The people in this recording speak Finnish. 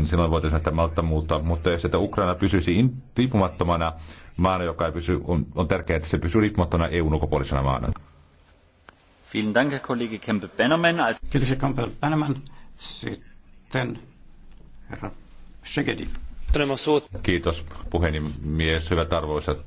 niin silloin voitaisiin näitä maltta muuttaa. Mutta jos että Ukraina pysyisi riippumattomana maana, joka ei pysy, on, on tärkeää, että se pysyy riippumattomana EUn ulkopuolisena maana. Vielen Dank, Herr Kollege Campbell-Bannerman. Kiitoksia, Campbell-Bannerman. Sitten herra Segedi. Kiitos puhemies, hyvät arvoisat